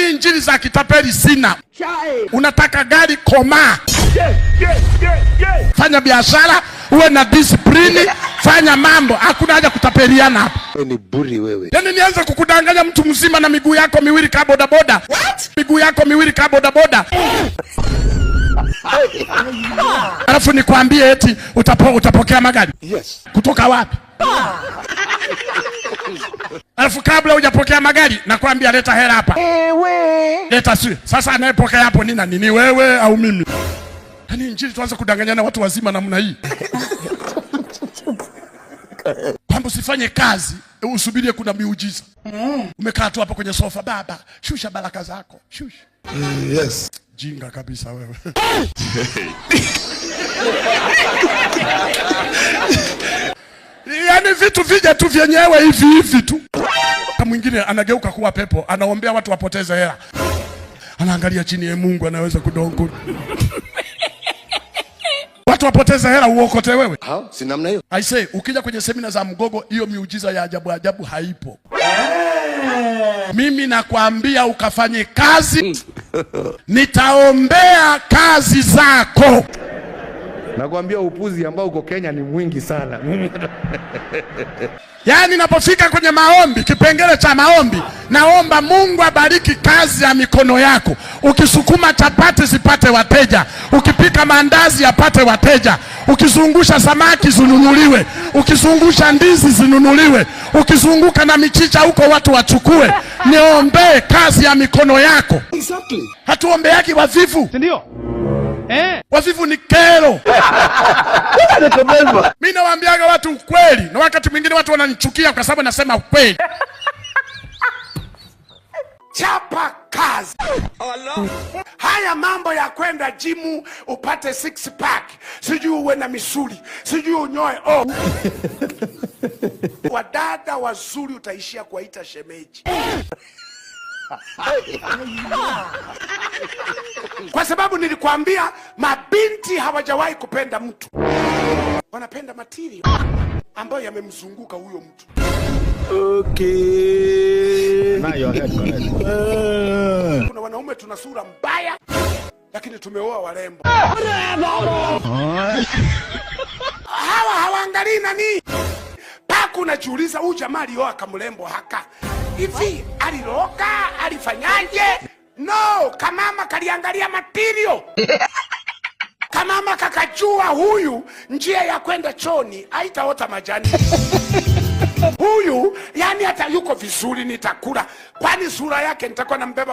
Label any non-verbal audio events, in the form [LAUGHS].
Injili za kitapeli sina. Unataka gari koma, fanya biashara, uwe na disiprini, fanya mambo, hakuna haja kutapeliana hapa. Ni buri wewe. Yaani nianze kukudanganya mtu mzima na miguu yako miwili ka bodaboda, miguu yako miwili ka bodaboda [LAUGHS] alafu nikwambie eti utapo, utapokea magari yes. Kutoka wapi? [LAUGHS] [LAUGHS] Alafu kabla hujapokea magari nakwambia leta hela hapa. Ewe. Leta si. Sasa anayepokea hapo nina nini wewe au mimi? Yaani injili tuanze kudanganyana watu wazima namna hii. [LAUGHS] Kwamba usifanye kazi usubirie kuna miujiza. Mm. Umekaa tu hapa kwenye sofa baba, shusha baraka zako. Shusha. Mm, yes. Jinga kabisa wewe. [LAUGHS] vitu vija tu vyenyewe hivi hivi tu. Mwingine anageuka kuwa pepo, anaombea watu wapoteze hela, anaangalia chini ya eh, Mungu anaweza kudongo [LAUGHS] watu wapoteze hela uokote wewe, si namna hiyo. I say ukija kwenye semina za Mgogo, hiyo miujiza ya ajabu ajabu haipo. Mimi nakwambia ukafanye kazi, mm. [LAUGHS] nitaombea kazi zako. Nakwambia upuzi ambao uko Kenya ni mwingi sana [LAUGHS] yaani, napofika kwenye maombi, kipengele cha maombi, naomba Mungu abariki kazi ya mikono yako. Ukisukuma chapati zipate wateja, ukipika mandazi yapate wateja, ukizungusha samaki zinunuliwe, ukizungusha ndizi zinunuliwe, ukizunguka na michicha huko watu wachukue. Niombee kazi ya mikono yako. Exactly. Hatuombeaki wavivu, ndio? eh. ni kero mi nawaambiaga watu ukweli, na wakati mwingine watu wananichukia kwa sababu nasema ukweli. Chapa kazi. haya mambo ya kwenda jimu upate six pack, sijui uwe na misuli, sijui unyoe oh. [LAUGHS] Wadada wazuri utaishia kuwaita shemeji [LAUGHS] kwa sababu nilikwambia mabinti hawajawahi kupenda mtu, wanapenda matiri ambayo yamemzunguka huyo mtu. Okay. Kuna wanaume tuna sura mbaya lakini tumeoa warembo. Hawa hawaangalii nani paka, unajiuliza huyu jamaa alioa kamrembo haka hivi, aliroka alifanyaje? No, kamama kaliangalia matirio [LAUGHS] kamama kakajua huyu njia ya kwenda choni aitaota majani [LAUGHS] huyu yani hata yuko vizuri, nitakula kwani sura yake nitakuwa nambeba.